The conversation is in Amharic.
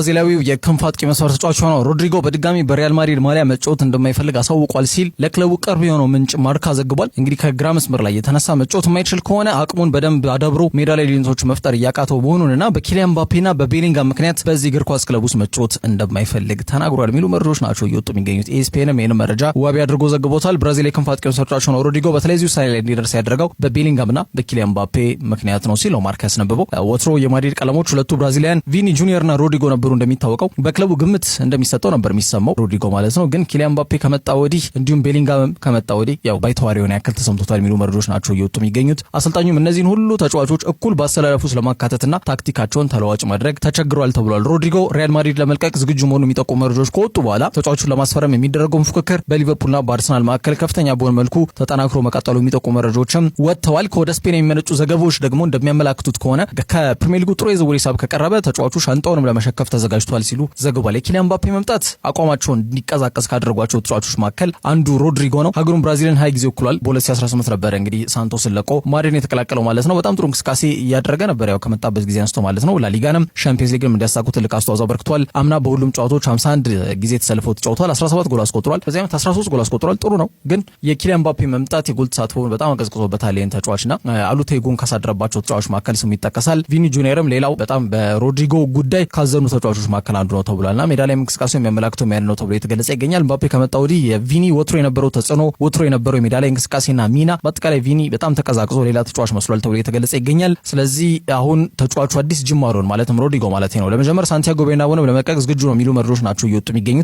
ብራዚላዊው የክንፍ አጥቂ መስመር ተጫዋች ሆነው ሮድሪጎ በድጋሚ በሪያል ማድሪድ ማሊያ መጫወት እንደማይፈልግ አሳውቋል ሲል ለክለቡ ቅርብ የሆነው ምንጭ ማርካ ዘግቧል። እንግዲህ ከግራ መስመር ላይ የተነሳ መጫወት የማይችል ከሆነ አቅሙን በደንብ አዳብሮ ሜዳ ላይ ልዩነቶች መፍጠር እያቃተው መሆኑንና በኪሊያን ምባፔና በቤሊንጋ ምክንያት በዚህ እግር ኳስ ክለብ ውስጥ መጫወት እንደማይፈልግ ተናግሯል የሚሉ መረጃዎች ናቸው እየወጡ የሚገኙት። ኤስፔንም ይህንም መረጃ ዋቢ አድርጎ ዘግቦታል። ብራዚል የክንፍ አጥቂ መስመር ተጫዋች ሆነው ሮድሪጎ በተለያዩ እዚሁ ውሳኔ ላይ እንዲደርስ ያደረገው በቤሊንጋምና በኪሊያን ባፔ ምክንያት ነው ሲል ነው ማርካ ያስነብበው። ወትሮ የማድሪድ ቀለሞች ሁለቱ ብራዚሊያን ቪኒ ጁኒየርና ሮድሪጎ ነበ ነበሩ። እንደሚታወቀው በክለቡ ግምት እንደሚሰጠው ነበር የሚሰማው ሮድሪጎ ማለት ነው። ግን ኪሊያን ምባፔ ከመጣ ወዲህ እንዲሁም ቤሊንጋምም ከመጣ ወዲህ ያው ባይተዋር የሆነ ያክል ተሰምቶታል የሚሉ መረዶች ናቸው እየወጡ የሚገኙት። አሰልጣኙም እነዚህን ሁሉ ተጫዋቾች እኩል በአሰላለፉ ስለማካተትና ታክቲካቸውን ተለዋጭ ማድረግ ተቸግሯል ተብሏል። ሮድሪጎ ሪያል ማድሪድ ለመልቀቅ ዝግጁ መሆኑ የሚጠቁ መረጃዎች ከወጡ በኋላ ተጫዋቹን ለማስፈረም የሚደረገው ፉክክር በሊቨርፑልና በአርሰናል መካከል ከፍተኛ በሆነ መልኩ ተጠናክሮ መቀጠሉ የሚጠቁ መረጃዎችም ወጥተዋል። ከወደ ስፔን የሚመነጩ ዘገባዎች ደግሞ እንደሚያመላክቱት ከሆነ ከፕሪሚየር ሊጉ ጥሩ የዝውውር ሂሳብ ከቀረበ ተጫዋቹ ሻንጣውንም ለመሸከፍ ተዘጋጅቷል ሲሉ ዘግቧል። የኪሊያን ምባፔ መምጣት አቋማቸውን እንዲቀዛቀዝ ካደረጓቸው ተጫዋቾች መካከል አንዱ ሮድሪጎ ነው። ሀገሩን ብራዚልን ሀይ ጊዜ ወክሏል። በ2018 ነበረ እንግዲህ ሳንቶስን ለቆ ማድሪድን የተቀላቀለው ማለት ነው። በጣም ጥሩ እንቅስቃሴ እያደረገ ነበር ያው ከመጣበት ጊዜ አንስቶ ማለት ነው። ላሊጋንም ሻምፒየንስ ሊግንም እንዲያሳኩ ትልቅ አስተዋጽኦ አበርክቷል። አምና በሁሉም ጨዋታዎች 51 ጊዜ ተሰልፎ ተጫውቷል። 17 ጎል አስቆጥሯል። በዚህ ዓመት 13 ጎል አስቆጥሯል። ጥሩ ነው፣ ግን የኪሊያን ምባፔ መምጣት የጎል ተሳትፎውን በጣም አቀዝቅዞበታል። ይህን ተጫዋችና አሉታዊ ጎን ካሳደረባቸው ተጫዋች መካከል ስሙ ይጠቀሳል። ቪኒ ጁኒየርም ሌላው በጣም በሮድሪጎ ጉዳይ ካዘኑ ተጫዋቾች መካከል አንዱ ነው ና ሜዳ ላይ እንቅስቃሴ የሚያመላክተው ያን ነው ተብሎ የተገለጸ ይገኛል። ምባፔ ከመጣ ወዲህ የቪኒ ወትሮ የነበረው ተጽዕኖ፣ ወትሮ የነበረው የሜዳ ላይ እንቅስቃሴና ሚና፣ በአጠቃላይ ቪኒ በጣም ተቀዛቅዞ ሌላ ተጫዋች መስሏል ተብሎ የተገለጸ ይገኛል። ስለዚህ አሁን ተጫዋቹ አዲስ ጅማሮን ማለትም ሮድሪጎ ማለት ነው ለመጀመር ሳንቲያጎ ቤርናቦንም ለመልቀቅ ዝግጁ ነው የሚሉ መረዶች ናቸው እየወጡ የሚገኙት።